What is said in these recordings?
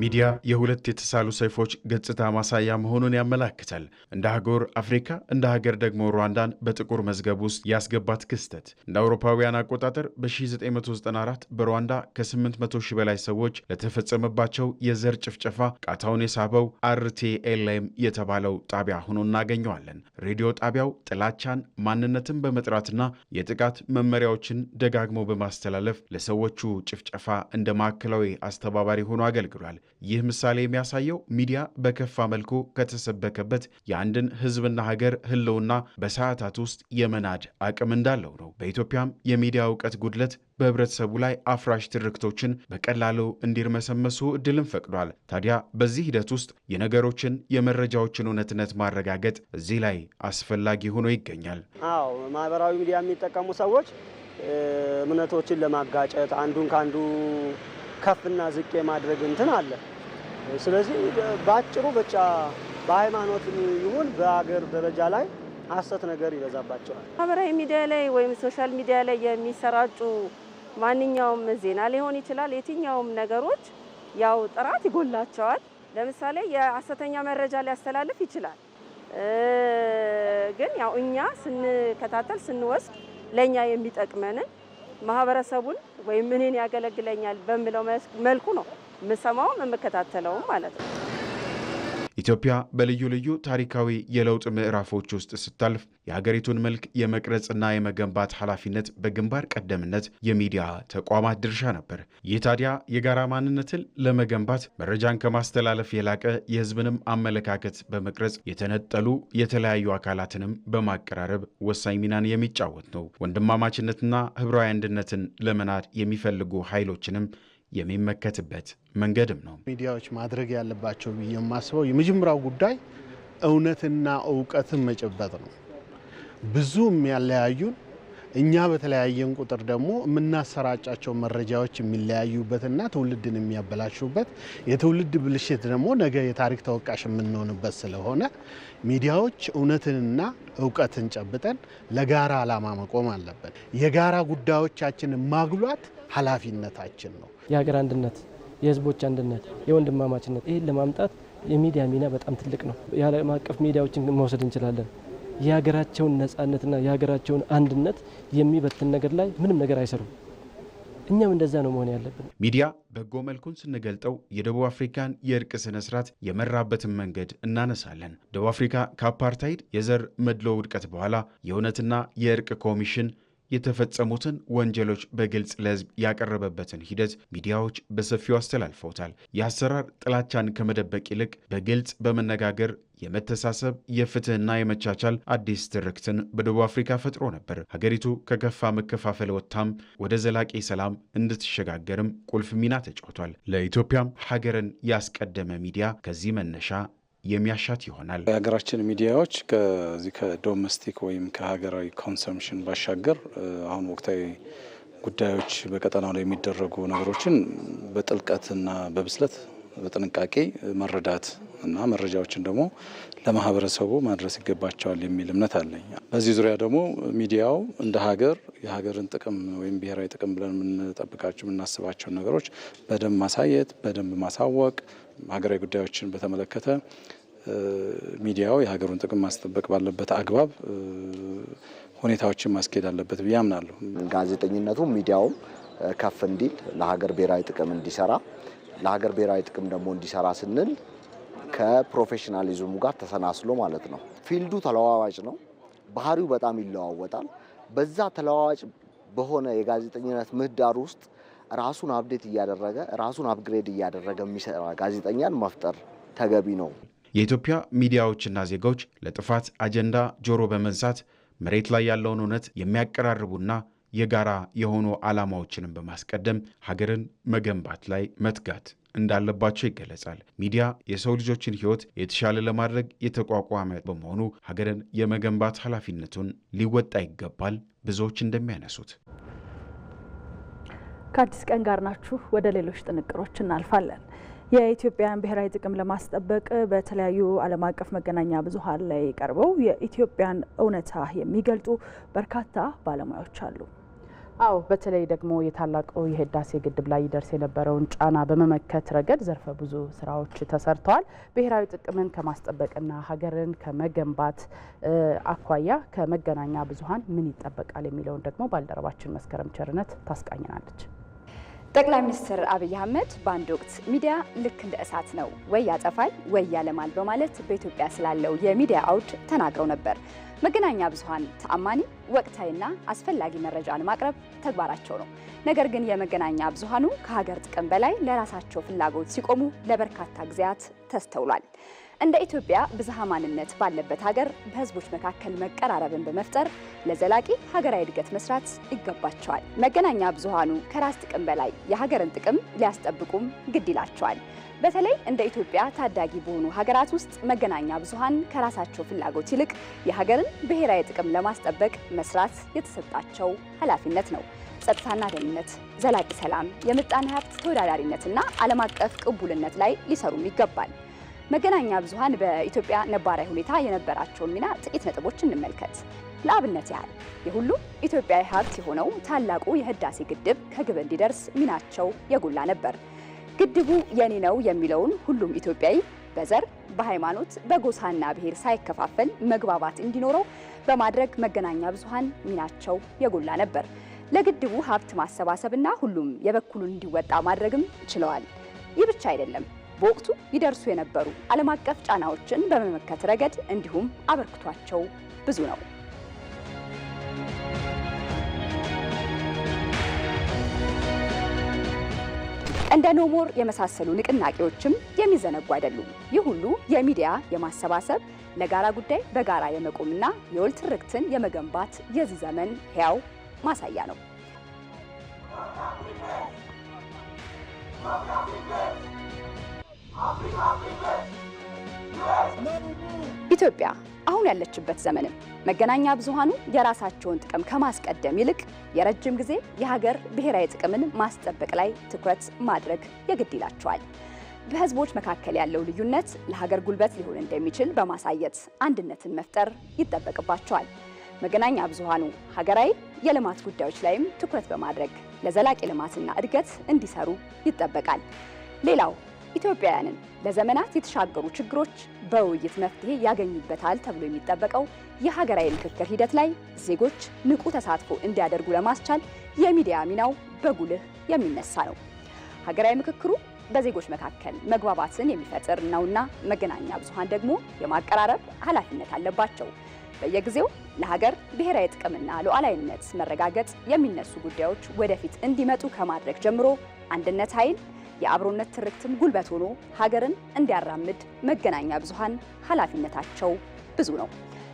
ሚዲያ የሁለት የተሳሉ ሰይፎች ገጽታ ማሳያ መሆኑን ያመላክታል። እንደ አህጉር አፍሪካ፣ እንደ ሀገር ደግሞ ሩዋንዳን በጥቁር መዝገብ ውስጥ ያስገባት ክስተት እንደ አውሮፓውያን አቆጣጠር በ1994 በሩዋንዳ ከ800 ሺህ በላይ ሰዎች ለተፈጸመባቸው የዘር ጭፍጨፋ ቃታውን የሳበው አርቲኤልኤም የተባለው ጣቢያ ሆኖ እናገኘዋለን። ሬዲዮ ጣቢያው ጥላቻን ማንነትን በመጥራትና የጥቃት መመሪያዎችን ደጋግሞ በማስተላለፍ ለሰዎቹ ጭፍጨፋ እንደ ማዕከላዊ አስተባባሪ ሆኖ አገልግሏል። ይህ ምሳሌ የሚያሳየው ሚዲያ በከፋ መልኩ ከተሰበከበት የአንድን ህዝብና ሀገር ህልውና በሰዓታት ውስጥ የመናድ አቅም እንዳለው ነው። በኢትዮጵያም የሚዲያ እውቀት ጉድለት በህብረተሰቡ ላይ አፍራሽ ትርክቶችን በቀላሉ እንዲርመሰመሱ እድልን ፈቅዷል። ታዲያ በዚህ ሂደት ውስጥ የነገሮችን የመረጃዎችን እውነትነት ማረጋገጥ እዚህ ላይ አስፈላጊ ሆኖ ይገኛል። አዎ ማህበራዊ ሚዲያ የሚጠቀሙ ሰዎች እምነቶችን ለማጋጨት አንዱን ከአንዱ ከፍና ዝቅ የማድረግ እንትን አለ። ስለዚህ በአጭሩ ብቻ በሃይማኖት ይሁን በአገር ደረጃ ላይ ሀሰት ነገር ይበዛባቸዋል። ማህበራዊ ሚዲያ ላይ ወይም ሶሻል ሚዲያ ላይ የሚሰራጩ ማንኛውም ዜና ሊሆን ይችላል። የትኛውም ነገሮች ያው ጥራት ይጎላቸዋል። ለምሳሌ የሀሰተኛ መረጃ ሊያስተላልፍ ይችላል። ግን ያው እኛ ስንከታተል ስንወስድ ለእኛ የሚጠቅመንን ማህበረሰቡን ወይም እኔን ያገለግለኛል በሚለው መልኩ ነው የምሰማውም የምከታተለውም ማለት ነው። ኢትዮጵያ በልዩ ልዩ ታሪካዊ የለውጥ ምዕራፎች ውስጥ ስታልፍ የሀገሪቱን መልክ የመቅረጽና የመገንባት ኃላፊነት በግንባር ቀደምነት የሚዲያ ተቋማት ድርሻ ነበር። ይህ ታዲያ የጋራ ማንነትን ለመገንባት መረጃን ከማስተላለፍ የላቀ የሕዝብንም አመለካከት በመቅረጽ የተነጠሉ የተለያዩ አካላትንም በማቀራረብ ወሳኝ ሚናን የሚጫወት ነው። ወንድማማችነትና ህብራዊ አንድነትን ለመናድ የሚፈልጉ ኃይሎችንም የሚመከትበት መንገድም ነው። ሚዲያዎች ማድረግ ያለባቸው ብዬ የማስበው የመጀመሪያው ጉዳይ እውነትና እውቀትን መጨበጥ ነው። ብዙ የሚያለያዩን እኛ በተለያየን ቁጥር ደግሞ የምናሰራጫቸው መረጃዎች የሚለያዩበትና ትውልድን የሚያበላሹበት የትውልድ ብልሽት ደግሞ ነገ የታሪክ ተወቃሽ የምንሆንበት ስለሆነ ሚዲያዎች እውነትንና እውቀትን ጨብጠን ለጋራ ዓላማ መቆም አለብን። የጋራ ጉዳዮቻችንን ማጉላት ኃላፊነታችን ነው። የሀገር አንድነት፣ የህዝቦች አንድነት፣ የወንድማማችነት ይህን ለማምጣት የሚዲያ ሚና በጣም ትልቅ ነው። የዓለም አቀፍ ሚዲያዎችን መውሰድ እንችላለን። የሀገራቸውን ነጻነትና የሀገራቸውን አንድነት የሚበትን ነገር ላይ ምንም ነገር አይሰሩም። እኛም እንደዛ ነው መሆን ያለብን። ሚዲያ በጎ መልኩን ስንገልጠው የደቡብ አፍሪካን የእርቅ ስነ ስርዓት የመራበትን መንገድ እናነሳለን። ደቡብ አፍሪካ ከአፓርታይድ የዘር መድሎ ውድቀት በኋላ የእውነትና የእርቅ ኮሚሽን የተፈጸሙትን ወንጀሎች በግልጽ ለህዝብ ያቀረበበትን ሂደት ሚዲያዎች በሰፊው አስተላልፈውታል። የአሰራር ጥላቻን ከመደበቅ ይልቅ በግልጽ በመነጋገር የመተሳሰብ የፍትህና የመቻቻል አዲስ ትርክትን በደቡብ አፍሪካ ፈጥሮ ነበር። ሀገሪቱ ከከፋ መከፋፈል ወጥታም ወደ ዘላቂ ሰላም እንድትሸጋገርም ቁልፍ ሚና ተጫውቷል። ለኢትዮጵያም ሀገርን ያስቀደመ ሚዲያ ከዚህ መነሻ የሚያሻት ይሆናል። የሀገራችን ሚዲያዎች ከዚህ ከዶሜስቲክ ወይም ከሀገራዊ ኮንሰምሽን ባሻገር አሁን ወቅታዊ ጉዳዮች በቀጠናው ላይ የሚደረጉ ነገሮችን በጥልቀትና በብስለት በጥንቃቄ መረዳት እና መረጃዎችን ደግሞ ለማህበረሰቡ ማድረስ ይገባቸዋል የሚል እምነት አለኝ። በዚህ ዙሪያ ደግሞ ሚዲያው እንደ ሀገር የሀገርን ጥቅም ወይም ብሔራዊ ጥቅም ብለን የምንጠብቃቸው የምናስባቸውን ነገሮች በደንብ ማሳየት፣ በደንብ ማሳወቅ ሀገራዊ ጉዳዮችን በተመለከተ ሚዲያው የሀገሩን ጥቅም ማስጠበቅ ባለበት አግባብ ሁኔታዎችን ማስኬድ አለበት ብዬ አምናለሁ። ጋዜጠኝነቱ ሚዲያውም ከፍ እንዲል ለሀገር ብሔራዊ ጥቅም እንዲሰራ ለሀገር ብሔራዊ ጥቅም ደግሞ እንዲሰራ ስንል ከፕሮፌሽናሊዝሙ ጋር ተሰናስሎ ማለት ነው። ፊልዱ ተለዋዋጭ ነው። ባህሪው በጣም ይለዋወጣል። በዛ ተለዋዋጭ በሆነ የጋዜጠኝነት ምህዳር ውስጥ ራሱን አብዴት እያደረገ ራሱን አፕግሬድ እያደረገ የሚሰራ ጋዜጠኛን መፍጠር ተገቢ ነው። የኢትዮጵያ ሚዲያዎችና ዜጋዎች ለጥፋት አጀንዳ ጆሮ በመንሳት መሬት ላይ ያለውን እውነት የሚያቀራርቡና የጋራ የሆኑ ዓላማዎችንም በማስቀደም ሀገርን መገንባት ላይ መትጋት እንዳለባቸው ይገለጻል። ሚዲያ የሰው ልጆችን ሕይወት የተሻለ ለማድረግ የተቋቋመ በመሆኑ ሀገርን የመገንባት ኃላፊነቱን ሊወጣ ይገባል ብዙዎች እንደሚያነሱት ከአዲስ ቀን ጋር ናችሁ። ወደ ሌሎች ጥንቅሮች እናልፋለን። የኢትዮጵያን ብሔራዊ ጥቅም ለማስጠበቅ በተለያዩ ዓለም አቀፍ መገናኛ ብዙኃን ላይ ቀርበው የኢትዮጵያን እውነታ የሚገልጡ በርካታ ባለሙያዎች አሉ። አዎ በተለይ ደግሞ የታላቁ የህዳሴ ግድብ ላይ ይደርስ የነበረውን ጫና በመመከት ረገድ ዘርፈ ብዙ ስራዎች ተሰርተዋል። ብሔራዊ ጥቅምን ከማስጠበቅና ሀገርን ከመገንባት አኳያ ከመገናኛ ብዙኃን ምን ይጠበቃል የሚለውን ደግሞ ባልደረባችን መስከረም ቸርነት ታስቃኝናለች። ጠቅላይ ሚኒስትር አብይ አህመድ በአንድ ወቅት ሚዲያ ልክ እንደ እሳት ነው፣ ወይ ያጠፋል ወይ ያለማል በማለት በኢትዮጵያ ስላለው የሚዲያ አውድ ተናግረው ነበር። መገናኛ ብዙሃን ተአማኒ፣ ወቅታዊና አስፈላጊ መረጃን ማቅረብ ተግባራቸው ነው። ነገር ግን የመገናኛ ብዙሃኑ ከሀገር ጥቅም በላይ ለራሳቸው ፍላጎት ሲቆሙ ለበርካታ ጊዜያት ተስተውሏል። እንደ ኢትዮጵያ ብዝሃ ማንነት ባለበት ሀገር በህዝቦች መካከል መቀራረብን በመፍጠር ለዘላቂ ሀገራዊ እድገት መስራት ይገባቸዋል። መገናኛ ብዙሃኑ ከራስ ጥቅም በላይ የሀገርን ጥቅም ሊያስጠብቁም ግድ ይላቸዋል። በተለይ እንደ ኢትዮጵያ ታዳጊ በሆኑ ሀገራት ውስጥ መገናኛ ብዙሃን ከራሳቸው ፍላጎት ይልቅ የሀገርን ብሔራዊ ጥቅም ለማስጠበቅ መስራት የተሰጣቸው ኃላፊነት ነው። ጸጥታና ደህንነት፣ ዘላቂ ሰላም፣ የምጣኔ ሀብት ተወዳዳሪነትና ዓለም አቀፍ ቅቡልነት ላይ ሊሰሩም ይገባል። መገናኛ ብዙሃን በኢትዮጵያ ነባራዊ ሁኔታ የነበራቸውን ሚና ጥቂት ነጥቦች እንመልከት። ለአብነት ያህል የሁሉም ኢትዮጵያዊ ሀብት የሆነው ታላቁ የህዳሴ ግድብ ከግብ እንዲደርስ ሚናቸው የጎላ ነበር። ግድቡ የኔ ነው የሚለውን ሁሉም ኢትዮጵያዊ በዘር፣ በሃይማኖት፣ በጎሳና ብሔር ሳይከፋፈል መግባባት እንዲኖረው በማድረግ መገናኛ ብዙሃን ሚናቸው የጎላ ነበር። ለግድቡ ሀብት ማሰባሰብና ሁሉም የበኩሉን እንዲወጣ ማድረግም ችለዋል። ይህ ብቻ አይደለም። በወቅቱ ይደርሱ የነበሩ ዓለም አቀፍ ጫናዎችን በመመከት ረገድ እንዲሁም አበርክቷቸው ብዙ ነው። እንደ ኖሞር የመሳሰሉ ንቅናቄዎችም የሚዘነጉ አይደሉም። ይህ ሁሉ የሚዲያ የማሰባሰብ ለጋራ ጉዳይ በጋራ የመቆምና የወል ትርክትን የመገንባት የዚህ ዘመን ሕያው ማሳያ ነው። ኢትዮጵያ አሁን ያለችበት ዘመንም መገናኛ ብዙሃኑ የራሳቸውን ጥቅም ከማስቀደም ይልቅ የረጅም ጊዜ የሀገር ብሔራዊ ጥቅምን ማስጠበቅ ላይ ትኩረት ማድረግ የግድ ይላቸዋል። በህዝቦች መካከል ያለው ልዩነት ለሀገር ጉልበት ሊሆን እንደሚችል በማሳየት አንድነትን መፍጠር ይጠበቅባቸዋል። መገናኛ ብዙሃኑ ሀገራዊ የልማት ጉዳዮች ላይም ትኩረት በማድረግ ለዘላቂ ልማትና እድገት እንዲሰሩ ይጠበቃል። ሌላው ኢትዮጵያውያንን ለዘመናት የተሻገሩ ችግሮች በውይይት መፍትሄ ያገኙበታል ተብሎ የሚጠበቀው የሀገራዊ ምክክር ሂደት ላይ ዜጎች ንቁ ተሳትፎ እንዲያደርጉ ለማስቻል የሚዲያ ሚናው በጉልህ የሚነሳ ነው። ሀገራዊ ምክክሩ በዜጎች መካከል መግባባትን የሚፈጥር ነውና መገናኛ ብዙሃን ደግሞ የማቀራረብ ኃላፊነት አለባቸው። በየጊዜው ለሀገር ብሔራዊ ጥቅምና ሉዓላዊነት መረጋገጥ የሚነሱ ጉዳዮች ወደፊት እንዲመጡ ከማድረግ ጀምሮ አንድነት ኃይል የአብሮነት ትርክትም ጉልበት ሆኖ ሀገርን እንዲያራምድ መገናኛ ብዙሃን ኃላፊነታቸው ብዙ ነው።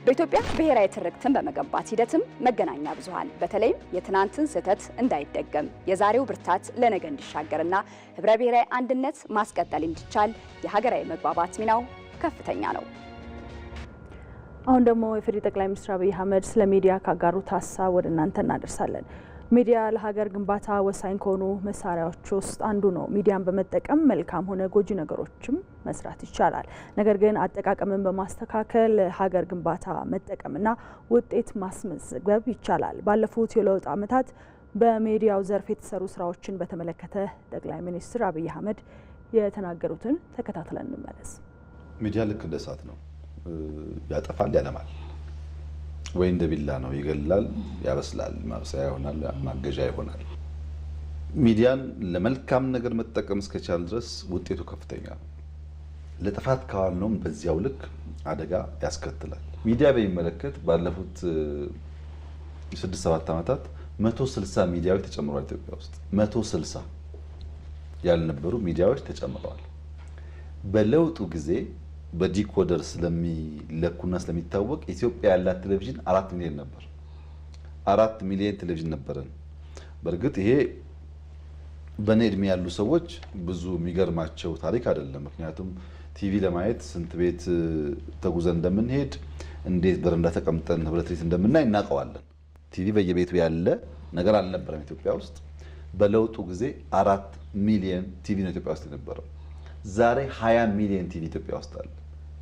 በኢትዮጵያ ብሔራዊ ትርክትን በመገንባት ሂደትም መገናኛ ብዙሃን በተለይም የትናንትን ስህተት እንዳይደገም የዛሬው ብርታት ለነገ እንዲሻገርና ህብረ ብሔራዊ አንድነት ማስቀጠል እንዲቻል የሀገራዊ መግባባት ሚናው ከፍተኛ ነው። አሁን ደግሞ የፌዴራል ጠቅላይ ሚኒስትር አብይ አህመድ ስለ ሚዲያ ካጋሩት ሀሳብ ወደ እናንተ እናደርሳለን። ሚዲያ ለሀገር ግንባታ ወሳኝ ከሆኑ መሳሪያዎች ውስጥ አንዱ ነው። ሚዲያን በመጠቀም መልካም ሆነ ጎጂ ነገሮችም መስራት ይቻላል። ነገር ግን አጠቃቀምን በማስተካከል ሀገር ግንባታ መጠቀምና ውጤት ማስመዝገብ ይቻላል። ባለፉት የለውጥ ዓመታት በሚዲያው ዘርፍ የተሰሩ ስራዎችን በተመለከተ ጠቅላይ ሚኒስትር አብይ አህመድ የተናገሩትን ተከታትለን እንመለስ። ሚዲያ ልክ እንደ እሳት ነው። ያጠፋል፣ ያለማል። ወይ እንደ ቢላ ነው፣ ይገላል፣ ያበስላል፣ ማብሰያ ይሆናል፣ ማገዣ ይሆናል። ሚዲያን ለመልካም ነገር መጠቀም እስከቻል ድረስ ውጤቱ ከፍተኛ ነው። ለጥፋት ካዋልነውም በዚያው ልክ አደጋ ያስከትላል። ሚዲያ በሚመለከት ባለፉት ስድስት ሰባት ዓመታት መቶ ስልሳ ሚዲያዎች ተጨምረዋል። ኢትዮጵያ ውስጥ መቶ ስልሳ ያልነበሩ ሚዲያዎች ተጨምረዋል። በለውጡ ጊዜ በዲኮደር ስለሚለኩና ስለሚታወቅ ኢትዮጵያ ያላት ቴሌቪዥን አራት ሚሊዮን ነበር። አራት ሚሊዮን ቴሌቪዥን ነበረን። በእርግጥ ይሄ በእኔ እድሜ ያሉ ሰዎች ብዙ የሚገርማቸው ታሪክ አይደለም። ምክንያቱም ቲቪ ለማየት ስንት ቤት ተጉዘን እንደምንሄድ፣ እንዴት በረንዳ ተቀምጠን ህብረት ቤት እንደምናይ እናውቀዋለን። ቲቪ በየቤቱ ያለ ነገር አልነበረም ኢትዮጵያ ውስጥ። በለውጡ ጊዜ አራት ሚሊዮን ቲቪ ነው ኢትዮጵያ ውስጥ የነበረው። ዛሬ 20 ሚሊዮን ቲቪ ኢትዮጵያ ውስጥ አለ።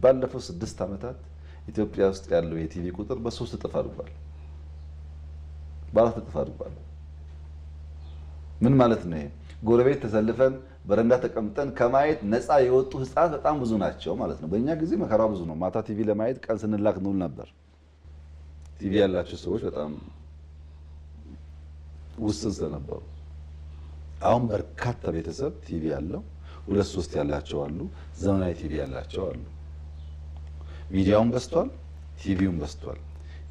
ባለፈው ስድስት ዓመታት ኢትዮጵያ ውስጥ ያለው የቲቪ ቁጥር በሶስት እጥፍ አድጓል፣ በአራት እጥፍ አድጓል። ምን ማለት ነው? ጎረቤት ተሰልፈን በረንዳ ተቀምጠን ከማየት ነፃ የወጡ ህፃናት በጣም ብዙ ናቸው ማለት ነው። በእኛ ጊዜ መከራ ብዙ ነው። ማታ ቲቪ ለማየት ቀን ስንላክ እንውል ነበር። ቲቪ ያላቸው ሰዎች በጣም ውስን ስለነበሩ አሁን በርካታ ቤተሰብ ቲቪ ያለው ሁለት ሶስት ያላቸው አሉ። ዘመናዊ ቲቪ ያላቸው አሉ። ሚዲያውን በስቷል፣ ቲቪውን በስቷል።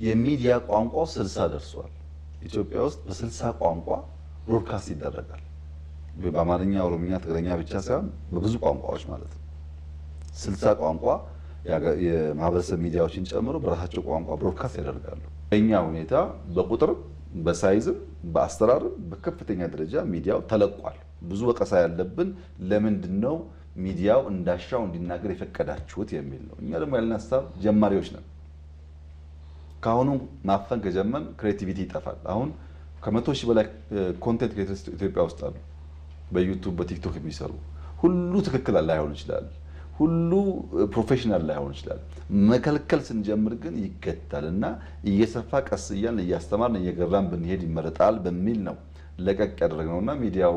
የሚዲያ ቋንቋው ስልሳ ደርሷል። ኢትዮጵያ ውስጥ በስልሳ ቋንቋ ብሮድካስት ይደረጋል። በአማርኛ፣ ኦሮምኛ፣ ትግረኛ ብቻ ሳይሆን በብዙ ቋንቋዎች ማለት ነው። ስልሳ ቋንቋ የማህበረሰብ ሚዲያዎችን ጨምሮ በራሳቸው ቋንቋ ብሮድካስት ያደርጋሉ። በእኛ ሁኔታ በቁጥርም በሳይዝም በአሰራርም በከፍተኛ ደረጃ ሚዲያው ተለቋል። ብዙ ወቀሳ ያለብን ለምንድን ነው ሚዲያው እንዳሻው እንዲናገር የፈቀዳችሁት የሚል ነው። እኛ ደግሞ ያለን ሀሳብ ጀማሪዎች ነን። ከአሁኑ ማፈን ከጀመን ክሬቲቪቲ ይጠፋል። አሁን ከመቶ ሺህ በላይ ኮንቴንት ክሬተርስ ኢትዮጵያ ውስጥ አሉ። በዩቱብ በቲክቶክ የሚሰሩ ሁሉ ትክክል ላይሆን ይችላል። ሁሉ ፕሮፌሽናል ላይሆን ይችላል። መከልከል ስንጀምር ግን ይገታል እና እየሰፋ ቀስ እያልን እያስተማርን እየገራን ብንሄድ ይመረጣል በሚል ነው ለቀቅ ያደረግነውና ሚዲያው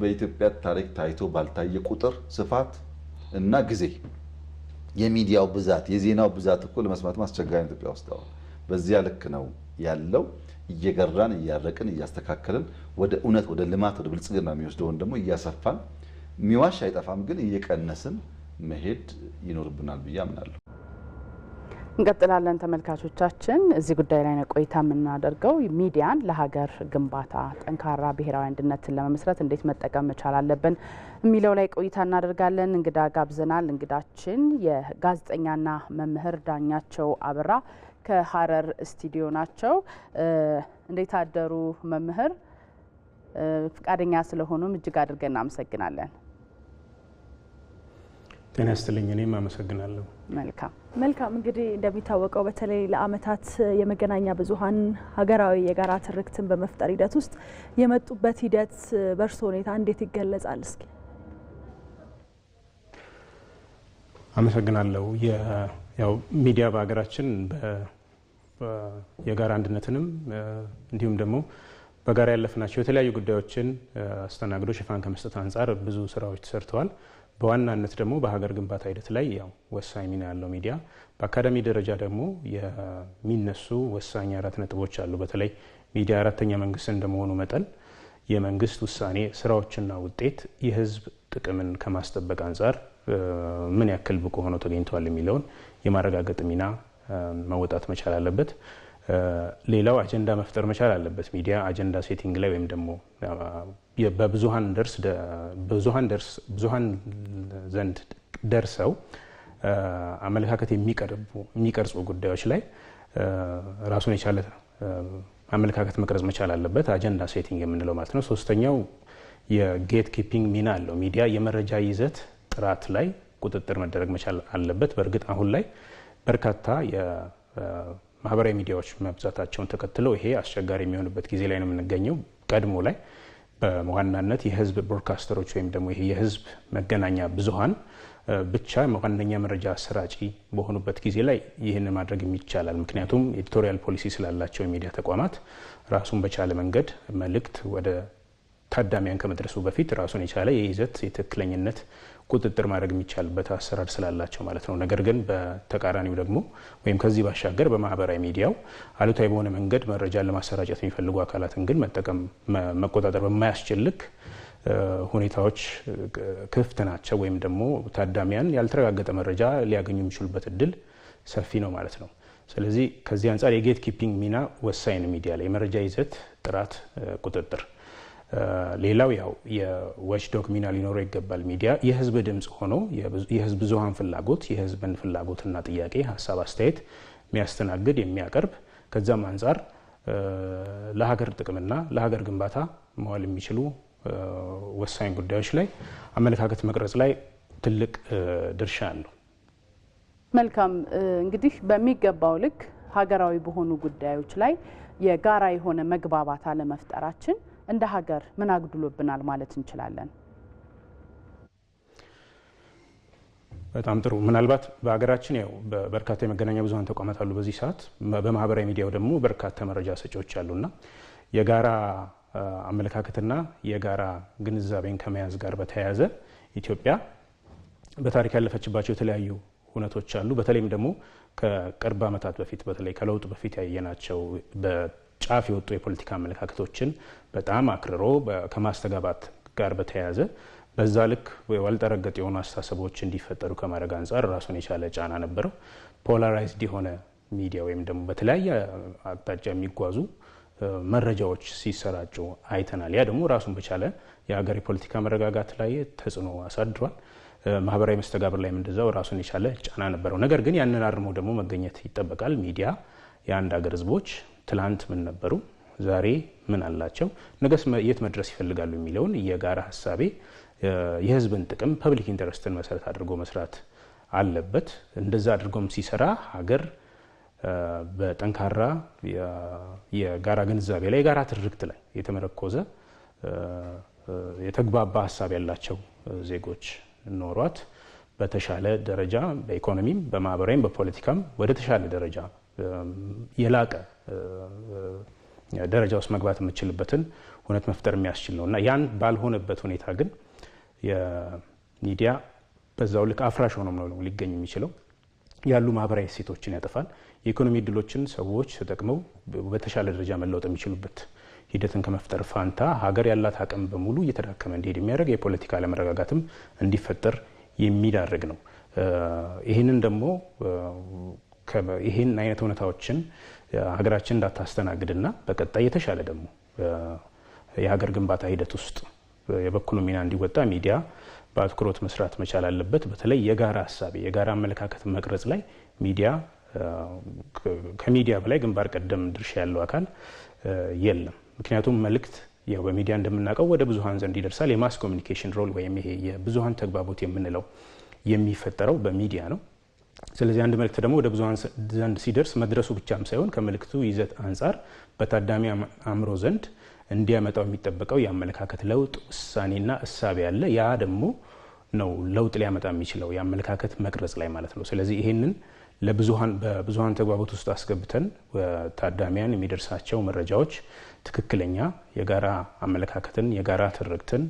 በኢትዮጵያ ታሪክ ታይቶ ባልታየ ቁጥር፣ ስፋት እና ጊዜ የሚዲያው ብዛት የዜናው ብዛት እኮ ለመስማት አስቸጋሪ ኢትዮጵያ ውስጥ አሁን በዚያ ልክ ነው ያለው። እየገራን እያረቅን እያስተካከልን ወደ እውነት ወደ ልማት ወደ ብልጽግና የሚወስደውን ደግሞ እያሰፋን የሚዋሽ አይጠፋም፣ ግን እየቀነስን መሄድ ይኖርብናል ብዬ አምናለሁ። እንቀጥላለን ተመልካቾቻችን። እዚህ ጉዳይ ላይ ነው ቆይታ የምናደርገው። ሚዲያን ለሀገር ግንባታ ጠንካራ ብሔራዊ አንድነትን ለመመስረት እንዴት መጠቀም መቻል አለብን የሚለው ላይ ቆይታ እናደርጋለን። እንግዳ ጋብዘናል። እንግዳችን የጋዜጠኛና መምህር ዳኛቸው አበራ ከሀረር ስቱዲዮ ናቸው። እንዴት አደሩ መምህር? ፈቃደኛ ስለሆኑም እጅግ አድርገን እናመሰግናለን። ጤና ይስጥልኝ። እኔም አመሰግናለሁ። መልካም መልካም። እንግዲህ እንደሚታወቀው በተለይ ለአመታት የመገናኛ ብዙኃን ሀገራዊ የጋራ ትርክትን በመፍጠር ሂደት ውስጥ የመጡበት ሂደት በእርስዎ ሁኔታ እንዴት ይገለጻል? እስኪ አመሰግናለሁ። ያው ሚዲያ በሀገራችን የጋራ አንድነትንም እንዲሁም ደግሞ በጋራ ያለፍናቸው የተለያዩ ጉዳዮችን አስተናግዶ ሽፋን ከመስጠት አንጻር ብዙ ስራዎች ተሰርተዋል። በዋናነት ደግሞ በሀገር ግንባታ ሂደት ላይ ያው ወሳኝ ሚና ያለው ሚዲያ፣ በአካዳሚ ደረጃ ደግሞ የሚነሱ ወሳኝ አራት ነጥቦች አሉ። በተለይ ሚዲያ አራተኛ መንግስት እንደመሆኑ መጠን የመንግስት ውሳኔ ስራዎችና ውጤት የህዝብ ጥቅምን ከማስጠበቅ አንጻር ምን ያክል ብቁ ሆኖ ተገኝተዋል የሚለውን የማረጋገጥ ሚና መወጣት መቻል አለበት። ሌላው አጀንዳ መፍጠር መቻል አለበት። ሚዲያ አጀንዳ ሴቲንግ ላይ ወይም ደግሞ በብዙሀን ዘንድ ደርሰው አመለካከት የሚቀርጹ ጉዳዮች ላይ ራሱን የቻለ አመለካከት መቅረጽ መቻል አለበት። አጀንዳ ሴቲንግ የምንለው ማለት ነው። ሶስተኛው የጌት ኪፒንግ ሚና አለው። ሚዲያ የመረጃ ይዘት ጥራት ላይ ቁጥጥር መደረግ መቻል አለበት። በእርግጥ አሁን ላይ በርካታ የማህበራዊ ሚዲያዎች መብዛታቸውን ተከትሎ ይሄ አስቸጋሪ የሚሆንበት ጊዜ ላይ ነው የምንገኘው። ቀድሞ ላይ በዋናነት የህዝብ ብሮድካስተሮች ወይም ደግሞ ይሄ የህዝብ መገናኛ ብዙሀን ብቻ ዋነኛ መረጃ አሰራጪ በሆኑበት ጊዜ ላይ ይህን ማድረግ ይቻላል። ምክንያቱም ኤዲቶሪያል ፖሊሲ ስላላቸው የሚዲያ ተቋማት ራሱን በቻለ መንገድ መልእክት ወደ ታዳሚያን ከመድረሱ በፊት ራሱን የቻለ የይዘት የትክክለኝነት ቁጥጥር ማድረግ የሚቻልበት አሰራር ስላላቸው ማለት ነው። ነገር ግን በተቃራኒው ደግሞ ወይም ከዚህ ባሻገር በማህበራዊ ሚዲያው አሉታዊ በሆነ መንገድ መረጃን ለማሰራጨት የሚፈልጉ አካላትን ግን መጠቀም መቆጣጠር በማያስችል ልክ ሁኔታዎች ክፍት ናቸው፣ ወይም ደግሞ ታዳሚያን ያልተረጋገጠ መረጃ ሊያገኙ የሚችሉበት እድል ሰፊ ነው ማለት ነው። ስለዚህ ከዚህ አንጻር የጌት ኪፒንግ ሚና ወሳኝ ነው። ሚዲያ ላይ የመረጃ ይዘት ጥራት ቁጥጥር ሌላው ያው የወችዶግ ሚና ሊኖረው ይገባል። ሚዲያ የህዝብ ድምፅ ሆኖ የህዝብ ብዙሀን ፍላጎት የህዝብን ፍላጎትና ጥያቄ፣ ሀሳብ፣ አስተያየት የሚያስተናግድ የሚያቀርብ ከዛም አንጻር ለሀገር ጥቅምና ለሀገር ግንባታ መዋል የሚችሉ ወሳኝ ጉዳዮች ላይ አመለካከት መቅረጽ ላይ ትልቅ ድርሻ አለው። መልካም እንግዲህ በሚገባው ልክ ሀገራዊ በሆኑ ጉዳዮች ላይ የጋራ የሆነ መግባባት አለመፍጠራችን እንደ ሀገር ምን አግድሎብናል ማለት እንችላለን? በጣም ጥሩ። ምናልባት በሀገራችን ያው በርካታ የመገናኛ ብዙሀን ተቋማት አሉ። በዚህ ሰዓት በማህበራዊ ሚዲያው ደግሞ በርካታ መረጃ ሰጪዎች አሉና የጋራ አመለካከትና የጋራ ግንዛቤን ከመያዝ ጋር በተያያዘ ኢትዮጵያ በታሪክ ያለፈችባቸው የተለያዩ ሁነቶች አሉ። በተለይም ደግሞ ከቅርብ ዓመታት በፊት በተለይ ከለውጥ በፊት ያየናቸው ጫፍ የወጡ የፖለቲካ አመለካከቶችን በጣም አክርሮ ከማስተጋባት ጋር በተያያዘ በዛ ልክ ዋልጠረገጥ የሆኑ አስተሳሰቦች እንዲፈጠሩ ከማድረግ አንጻር ራሱን የቻለ ጫና ነበረው። ፖላራይዝድ የሆነ ሚዲያ ወይም ደግሞ በተለያየ አቅጣጫ የሚጓዙ መረጃዎች ሲሰራጩ አይተናል። ያ ደግሞ ራሱን በቻለ የሀገር የፖለቲካ መረጋጋት ላይ ተጽዕኖ አሳድሯል። ማህበራዊ መስተጋብር ላይም እንደዛው ራሱን የቻለ ጫና ነበረው። ነገር ግን ያንን አርሞ ደግሞ መገኘት ይጠበቃል። ሚዲያ የአንድ ሀገር ህዝቦች ትላንት ምን ነበሩ፣ ዛሬ ምን አላቸው፣ ነገስ የት መድረስ ይፈልጋሉ የሚለውን የጋራ ሀሳቤ የህዝብን ጥቅም ፐብሊክ ኢንተረስትን መሰረት አድርጎ መስራት አለበት። እንደዛ አድርጎም ሲሰራ ሀገር በጠንካራ የጋራ ግንዛቤ ላይ የጋራ ትርክት ላይ የተመረኮዘ የተግባባ ሀሳብ ያላቸው ዜጎች ኖሯት በተሻለ ደረጃ በኢኮኖሚም በማህበራዊም በፖለቲካም ወደ ተሻለ ደረጃ የላቀ ደረጃ ውስጥ መግባት የምችልበትን እውነት መፍጠር የሚያስችል ነው እና ያን ባልሆነበት ሁኔታ ግን የሚዲያ በዛው ልክ አፍራሽ ሆኖም ነው ሊገኝ የሚችለው። ያሉ ማህበራዊ እሴቶችን ያጠፋል። የኢኮኖሚ እድሎችን ሰዎች ተጠቅመው በተሻለ ደረጃ መለወጥ የሚችሉበት ሂደትን ከመፍጠር ፋንታ ሀገር ያላት አቅም በሙሉ እየተዳከመ እንዲሄድ የሚያደርግ የፖለቲካ አለመረጋጋትም እንዲፈጠር የሚዳርግ ነው። ይህንን ደግሞ ይህን አይነት እውነታዎችን ሀገራችን እንዳታስተናግድና በቀጣይ የተሻለ ደግሞ የሀገር ግንባታ ሂደት ውስጥ የበኩሉ ሚና እንዲወጣ ሚዲያ በአትኩሮት መስራት መቻል አለበት። በተለይ የጋራ ሀሳቢ የጋራ አመለካከት መቅረጽ ላይ ሚዲያ ከሚዲያ በላይ ግንባር ቀደም ድርሻ ያለው አካል የለም። ምክንያቱም መልእክት ያው በሚዲያ እንደምናውቀው ወደ ብዙሀን ዘንድ ይደርሳል። የማስ ኮሚኒኬሽን ሮል ወይም ይሄ የብዙሀን ተግባቦት የምንለው የሚፈጠረው በሚዲያ ነው። ስለዚህ አንድ መልእክት ደግሞ ወደ ብዙሀን ዘንድ ሲደርስ መድረሱ ብቻም ሳይሆን ከመልእክቱ ይዘት አንጻር በታዳሚ አእምሮ ዘንድ እንዲያመጣው የሚጠበቀው የአመለካከት ለውጥ ውሳኔና እሳቤ ያለ ያ ደግሞ ነው ለውጥ ሊያመጣ የሚችለው የአመለካከት መቅረጽ ላይ ማለት ነው። ስለዚህ ይሄንን በብዙሀን ተግባቦት ውስጥ አስገብተን ታዳሚያን የሚደርሳቸው መረጃዎች ትክክለኛ የጋራ አመለካከትን፣ የጋራ ትርክትን፣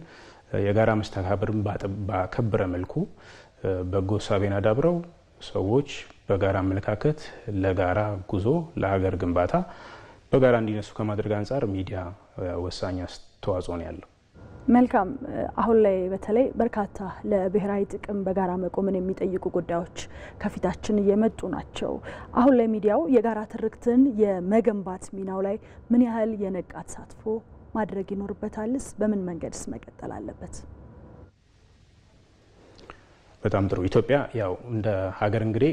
የጋራ መስተካበርን ባከበረ መልኩ በጎ እሳቤን አዳብረው ሰዎች በጋራ አመለካከት ለጋራ ጉዞ፣ ለሀገር ግንባታ በጋራ እንዲነሱ ከማድረግ አንጻር ሚዲያ ወሳኝ አስተዋጽኦ ነው ያለው። መልካም። አሁን ላይ በተለይ በርካታ ለብሔራዊ ጥቅም በጋራ መቆምን የሚጠይቁ ጉዳዮች ከፊታችን እየመጡ ናቸው። አሁን ላይ ሚዲያው የጋራ ትርክትን የመገንባት ሚናው ላይ ምን ያህል የነቃ ተሳትፎ ማድረግ ይኖርበታልስ? በምን መንገድስ መቀጠል አለበት? በጣም ጥሩ። ኢትዮጵያ ያው እንደ ሀገር እንግዲህ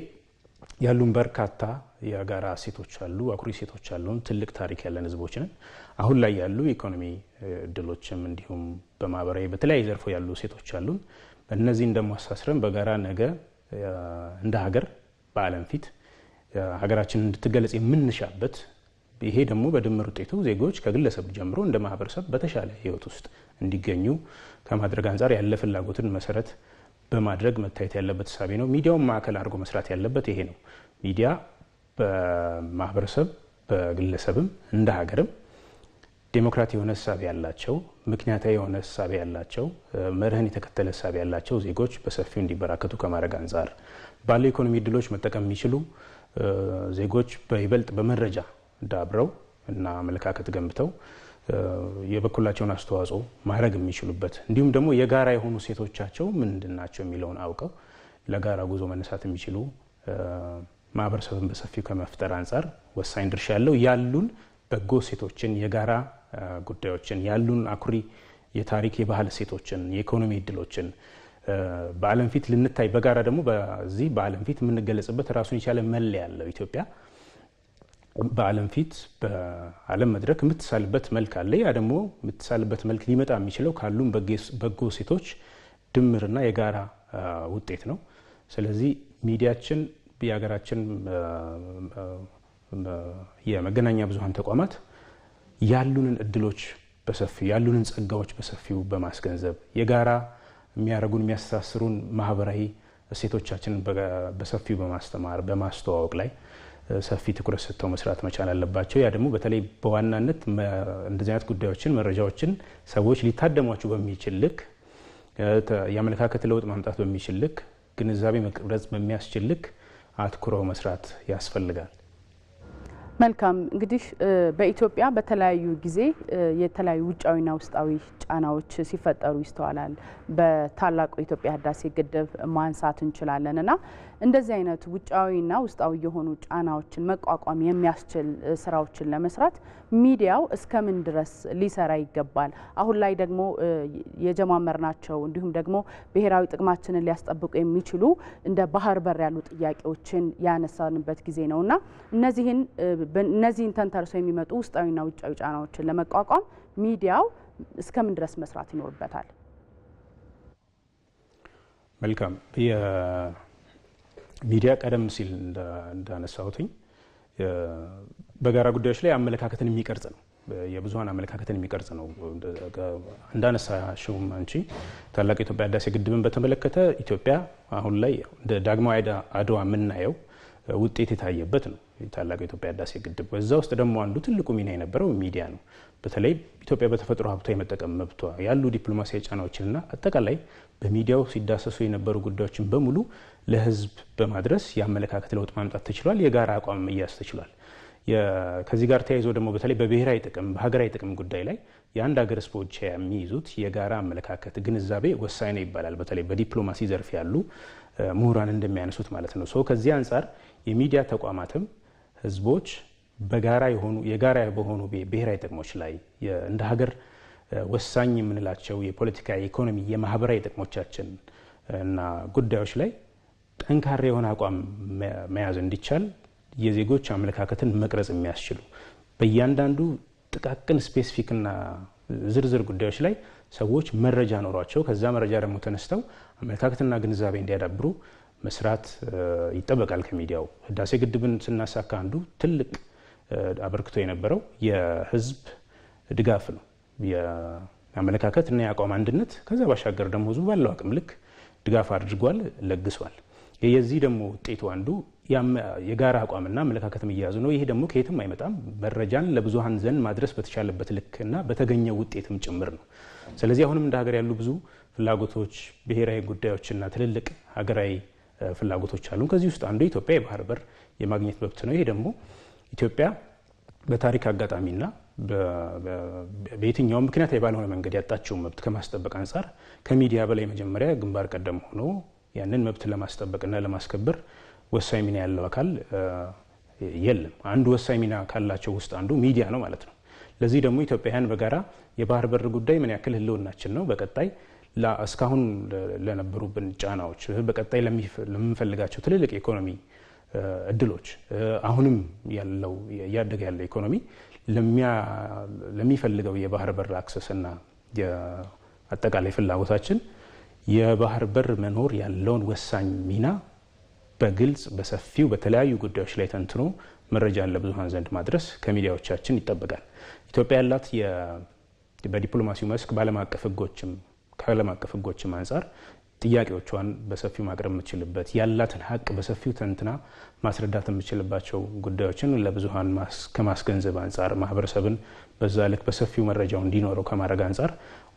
ያሉን በርካታ የጋራ ሴቶች አሉ፣ አኩሪ ሴቶች አሉን። ትልቅ ታሪክ ያለን ህዝቦችንን አሁን ላይ ያሉ የኢኮኖሚ እድሎችም እንዲሁም በማህበራዊ በተለያየ ዘርፎ ያሉ ሴቶች አሉን። እነዚህን ደግሞ አሳስረን በጋራ ነገ እንደ ሀገር በዓለም ፊት ሀገራችን እንድትገለጽ የምንሻበት ይሄ ደግሞ በድምር ውጤቱ ዜጎች ከግለሰብ ጀምሮ እንደ ማህበረሰብ በተሻለ ህይወት ውስጥ እንዲገኙ ከማድረግ አንጻር ያለ ፍላጎትን መሰረት በማድረግ መታየት ያለበት ሳቢ ነው። ሚዲያውን ማዕከል አድርጎ መስራት ያለበት ይሄ ነው። ሚዲያ በማህበረሰብ በግለሰብም እንደ ሀገርም ዴሞክራት የሆነ ሳቢ ያላቸው ምክንያታዊ የሆነ ሳቢ ያላቸው መርህን የተከተለ ሳቢ ያላቸው ዜጎች በሰፊው እንዲበራከቱ ከማድረግ አንጻር ባለው ኢኮኖሚ እድሎች መጠቀም የሚችሉ ዜጎች በይበልጥ በመረጃ ዳብረው እና አመለካከት ገንብተው የበኩላቸውን አስተዋጽኦ ማድረግ የሚችሉበት እንዲሁም ደግሞ የጋራ የሆኑ ሴቶቻቸው ምንድን ናቸው የሚለውን አውቀው ለጋራ ጉዞ መነሳት የሚችሉ ማህበረሰብን በሰፊው ከመፍጠር አንጻር ወሳኝ ድርሻ ያለው ያሉን በጎ ሴቶችን የጋራ ጉዳዮችን ያሉን አኩሪ የታሪክ የባህል ሴቶችን የኢኮኖሚ እድሎችን በዓለም ፊት ልንታይ በጋራ ደግሞ በዚህ በዓለም ፊት የምንገለጽበት ራሱን የቻለ መለያ ያለው ኢትዮጵያ በዓለም ፊት በዓለም መድረክ የምትሳልበት መልክ አለ። ያ ደግሞ የምትሳልበት መልክ ሊመጣ የሚችለው ካሉም በጎ ሴቶች ድምርና የጋራ ውጤት ነው። ስለዚህ ሚዲያችን የሀገራችን የመገናኛ ብዙሀን ተቋማት ያሉንን እድሎች በሰፊው ያሉንን ጸጋዎች በሰፊው በማስገንዘብ የጋራ የሚያደርጉን የሚያስተሳስሩን ማህበራዊ እሴቶቻችንን በሰፊው በማስተማር በማስተዋወቅ ላይ ሰፊ ትኩረት ሰጥተው መስራት መቻል አለባቸው። ያ ደግሞ በተለይ በዋናነት እንደዚህ አይነት ጉዳዮችን መረጃዎችን ሰዎች ሊታደሟቸው በሚችል ልክ የአመለካከት ለውጥ ማምጣት በሚችል ልክ ግንዛቤ መቅረጽ በሚያስችል ልክ አትኩረው መስራት ያስፈልጋል። መልካም እንግዲህ በኢትዮጵያ በተለያዩ ጊዜ የተለያዩ ውጫዊና ውስጣዊ ጫናዎች ሲፈጠሩ ይስተዋላል። በታላቁ የኢትዮጵያ ህዳሴ ግድብ ማንሳት እንችላለን እና እንደዚህ አይነት ውጫዊና ውስጣዊ የሆኑ ጫናዎችን መቋቋም የሚያስችል ስራዎችን ለመስራት ሚዲያው እስከምን ድረስ ሊሰራ ይገባል? አሁን ላይ ደግሞ የጀማመርናቸው እንዲሁም ደግሞ ብሔራዊ ጥቅማችንን ሊያስጠብቁ የሚችሉ እንደ ባህር በር ያሉ ጥያቄዎችን ያነሳንበት ጊዜ ነውና እነዚህን እነዚህን ተንተርሰው የሚመጡ ውስጣዊና ውጫዊ ጫናዎችን ለመቋቋም ሚዲያው እስከምን ድረስ መስራት ይኖርበታል? መልካም ሚዲያ ቀደም ሲል እንዳነሳሁትኝ በጋራ ጉዳዮች ላይ አመለካከትን የሚቀርጽ ነው። የብዙሀን አመለካከትን የሚቀርጽ ነው። እንዳነሳሽውም አንቺ ታላቁ የኢትዮጵያ ህዳሴ ግድብን በተመለከተ ኢትዮጵያ አሁን ላይ እንደ ዳግማዊ አድዋ የምናየው ውጤት የታየበት ነው። ታላቁ የኢትዮጵያ ህዳሴ ግድብ በዛ ውስጥ ደግሞ አንዱ ትልቁ ሚና የነበረው ሚዲያ ነው። በተለይ ኢትዮጵያ በተፈጥሮ ሀብቷ የመጠቀም መብቷ ያሉ ዲፕሎማሲያዊ ጫናዎችንና አጠቃላይ በሚዲያው ሲዳሰሱ የነበሩ ጉዳዮችን በሙሉ ለህዝብ በማድረስ የአመለካከት ለውጥ ማምጣት ተችሏል። የጋራ አቋም መያዝ ተችሏል። ከዚህ ጋር ተያይዞ ደግሞ በተለይ በብሔራዊ ጥቅም በሀገራዊ ጥቅም ጉዳይ ላይ የአንድ ሀገር ህዝቦች የሚይዙት የጋራ አመለካከት ግንዛቤ ወሳኝ ነው ይባላል። በተለይ በዲፕሎማሲ ዘርፍ ያሉ ምሁራን እንደሚያነሱት ማለት ነው። ከዚህ አንጻር የሚዲያ ተቋማትም ህዝቦች በጋራ የሆኑ የጋራ በሆኑ ብሔራዊ ጥቅሞች ላይ እንደ ሀገር ወሳኝ የምንላቸው የፖለቲካ፣ የኢኮኖሚ፣ የማህበራዊ ጥቅሞቻችን እና ጉዳዮች ላይ ጠንካራ የሆነ አቋም መያዝ እንዲቻል የዜጎች አመለካከትን መቅረጽ የሚያስችሉ በእያንዳንዱ ጥቃቅን ስፔሲፊክና ዝርዝር ጉዳዮች ላይ ሰዎች መረጃ ኖሯቸው ከዛ መረጃ ደግሞ ተነስተው አመለካከትና ግንዛቤ እንዲያዳብሩ መስራት ይጠበቃል። ከሚዲያው ህዳሴ ግድብን ስናሳካ አንዱ ትልቅ አበርክቶ የነበረው የህዝብ ድጋፍ ነው። እና የአቋም አንድነት። ከዛ ባሻገር ደግሞ ህዝቡ ባለው አቅም ልክ ድጋፍ አድርጓል፣ ለግሷል። የዚህ ደግሞ ውጤቱ አንዱ የጋራ አቋምና አመለካከት መያያዙ ነው። ይሄ ደግሞ ከየትም አይመጣም። መረጃን ለብዙሀን ዘንድ ማድረስ በተቻለበት ልክና በተገኘ ውጤትም ጭምር ነው። ስለዚህ አሁንም እንደ ሀገር ያሉ ብዙ ፍላጎቶች፣ ብሔራዊ ጉዳዮችና ትልልቅ ሀገራዊ ፍላጎቶች አሉ። ከዚህ ውስጥ አንዱ ኢትዮጵያ የባህር በር የማግኘት መብት ነው። ይሄ ደግሞ ኢትዮጵያ በታሪክ አጋጣሚና በየትኛውም ምክንያት የባለሆነ መንገድ ያጣቸውን መብት ከማስጠበቅ አንጻር ከሚዲያ በላይ መጀመሪያ ግንባር ቀደም ሆኖ ያንን መብት ለማስጠበቅና ለማስከበር ወሳኝ ሚና ያለው አካል የለም። አንዱ ወሳኝ ሚና ካላቸው ውስጥ አንዱ ሚዲያ ነው ማለት ነው። ለዚህ ደግሞ ኢትዮጵያውያን በጋራ የባህር በር ጉዳይ ምን ያክል ህልውናችን ነው፣ በቀጣይ እስካሁን ለነበሩብን ጫናዎች፣ በቀጣይ ለምንፈልጋቸው ትልልቅ ኢኮኖሚ እድሎች አሁንም ያለው እያደገ ያለው ኢኮኖሚ ለሚፈልገው የባህር በር አክሰስ እና አጠቃላይ ፍላጎታችን የባህር በር መኖር ያለውን ወሳኝ ሚና በግልጽ በሰፊው በተለያዩ ጉዳዮች ላይ ተንትኖ መረጃን ለብዙሀን ዘንድ ማድረስ ከሚዲያዎቻችን ይጠበቃል። ኢትዮጵያ ያላት በዲፕሎማሲው መስክ በዓለም አቀፍ ህጎችም ከዓለም አቀፍ ህጎችም አንጻር ጥያቄዎቿን በሰፊው ማቅረብ የምችልበት ያላትን ሀቅ በሰፊው ተንትና ማስረዳት የምችልባቸው ጉዳዮችን ለብዙሀን ከማስገንዘብ አንጻር ማህበረሰብን በዛ ልክ በሰፊው መረጃው እንዲኖረው ከማድረግ አንጻር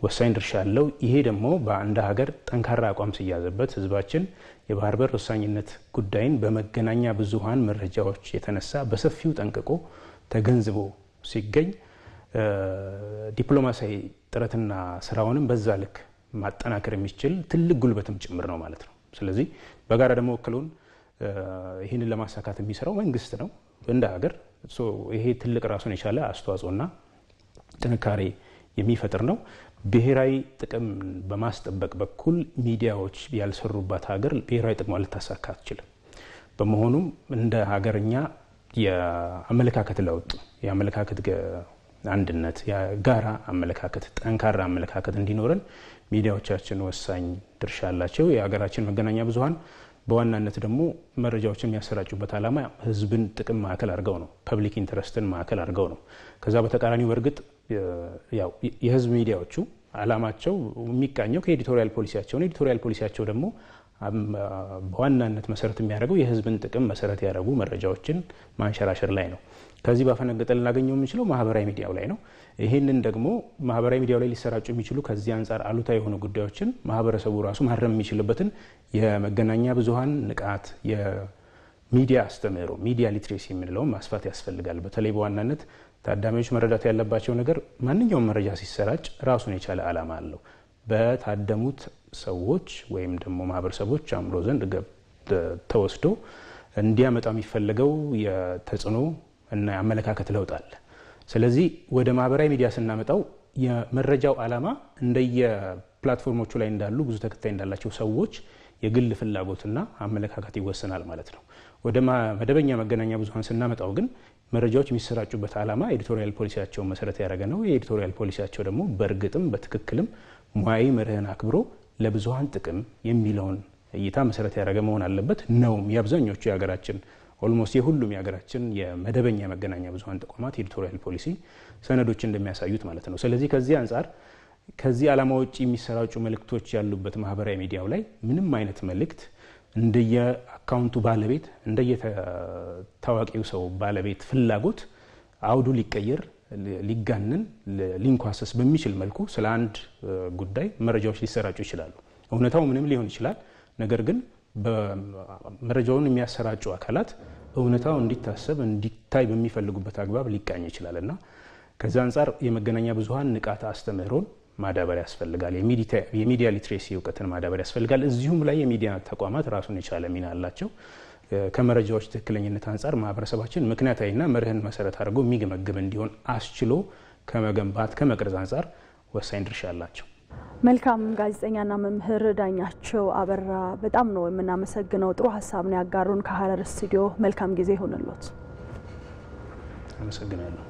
ወሳኝ ድርሻ አለው። ይሄ ደግሞ በአንድ ሀገር ጠንካራ አቋም ሲያዘበት ህዝባችን የባህር በር ወሳኝነት ጉዳይን በመገናኛ ብዙሀን መረጃዎች የተነሳ በሰፊው ጠንቅቆ ተገንዝቦ ሲገኝ ዲፕሎማሲያዊ ጥረትና ስራውንም በዛ ልክ ማጠናከር የሚችል ትልቅ ጉልበትም ጭምር ነው ማለት ነው። ስለዚህ በጋራ ደግሞ ወክለውን ይህንን ለማሳካት የሚሰራው መንግስት ነው እንደ ሀገር። ይሄ ትልቅ ራሱን የቻለ አስተዋጽኦና ጥንካሬ የሚፈጥር ነው። ብሔራዊ ጥቅም በማስጠበቅ በኩል ሚዲያዎች ያልሰሩባት ሀገር ብሔራዊ ጥቅሟ ልታሳካ አትችልም። በመሆኑም እንደ ሀገርኛ የአመለካከት ለውጥ የአመለካከት አንድነት፣ የጋራ አመለካከት፣ ጠንካራ አመለካከት እንዲኖረን ሚዲያዎቻችን ወሳኝ ድርሻ አላቸው። የሀገራችን መገናኛ ብዙሀን በዋናነት ደግሞ መረጃዎችን የሚያሰራጩበት ዓላማ ህዝብን ጥቅም ማዕከል አድርገው ነው። ፐብሊክ ኢንተረስትን ማዕከል አድርገው ነው። ከዛ በተቃራኒ በእርግጥ የህዝብ ሚዲያዎቹ ዓላማቸው የሚቃኘው ከኤዲቶሪያል ፖሊሲያቸው ነው። ኤዲቶሪያል ፖሊሲያቸው ደግሞ በዋናነት መሰረት የሚያደርገው የህዝብን ጥቅም መሰረት ያደረጉ መረጃዎችን ማንሸራሸር ላይ ነው። ከዚህ ባፈነገጠ ልናገኘው የምንችለው ማህበራዊ ሚዲያው ላይ ነው። ይህንን ደግሞ ማህበራዊ ሚዲያው ላይ ሊሰራጩ የሚችሉ ከዚህ አንጻር አሉታ የሆኑ ጉዳዮችን ማህበረሰቡ ራሱ ማረም የሚችልበትን የመገናኛ ብዙሀን ንቃት የሚዲያ አስተምህሮ ሚዲያ ሊትሬሲ የምንለውን ማስፋት ያስፈልጋል። በተለይ በዋናነት ታዳሚዎች መረዳት ያለባቸው ነገር ማንኛውም መረጃ ሲሰራጭ ራሱን የቻለ ዓላማ አለው። በታደሙት ሰዎች ወይም ደግሞ ማህበረሰቦች አእምሮ ዘንድ ተወስዶ እንዲያመጣ የሚፈለገው የተጽዕኖ እና የአመለካከት ለውጥ አለ። ስለዚህ ወደ ማህበራዊ ሚዲያ ስናመጣው የመረጃው ዓላማ እንደየ ፕላትፎርሞቹ ላይ እንዳሉ ብዙ ተከታይ እንዳላቸው ሰዎች የግል ፍላጎትና አመለካከት ይወሰናል ማለት ነው። ወደ መደበኛ መገናኛ ብዙሀን ስናመጣው ግን መረጃዎች የሚሰራጩበት ዓላማ ኤዲቶሪያል ፖሊሲያቸውን መሰረት ያደረገ ነው። የኤዲቶሪያል ፖሊሲያቸው ደግሞ በእርግጥም በትክክልም ሙያዊ መርህን አክብሮ ለብዙሀን ጥቅም የሚለውን እይታ መሰረት ያደረገ መሆን አለበት ነውም የአብዛኞቹ የሀገራችን ኦልሞስት የሁሉም የሀገራችን የመደበኛ የመገናኛ ብዙሀን ተቋማት ኤዲቶሪያል ፖሊሲ ሰነዶች እንደሚያሳዩት ማለት ነው። ስለዚህ ከዚህ አንጻር ከዚህ ዓላማ ውጭ የሚሰራጩ መልእክቶች ያሉበት ማህበራዊ ሚዲያው ላይ ምንም አይነት መልእክት እንደየ አካውንቱ ባለቤት እንደየ ታዋቂው ሰው ባለቤት ፍላጎት አውዱ ሊቀየር ሊጋንን ሊንኳሰስ በሚችል መልኩ ስለ አንድ ጉዳይ መረጃዎች ሊሰራጩ ይችላሉ። እውነታው ምንም ሊሆን ይችላል። ነገር ግን መረጃውን የሚያሰራጩ አካላት እውነታው እንዲታሰብ እንዲታይ በሚፈልጉበት አግባብ ሊቃኝ ይችላል እና ከዚ አንጻር የመገናኛ ብዙሀን ንቃተ አስተምህሮን ማዳበር ያስፈልጋል። የሚዲያ ሊትሬሲ እውቀትን ማዳበር ያስፈልጋል። እዚሁም ላይ የሚዲያ ተቋማት ራሱን የቻለ ሚና አላቸው። ከመረጃዎች ትክክለኝነት አንጻር ማህበረሰባችን ምክንያታዊና መርህን መሰረት አድርጎ የሚገመግም እንዲሆን አስችሎ ከመገንባት ከመቅረጽ አንጻር ወሳኝ ድርሻ አላቸው። መልካም ጋዜጠኛና መምህር ዳኛቸው አበራ በጣም ነው የምናመሰግነው። ጥሩ ሀሳብ ነው ያጋሩን ከሀረር ስቱዲዮ። መልካም ጊዜ ይሆንሎት። አመሰግናለሁ።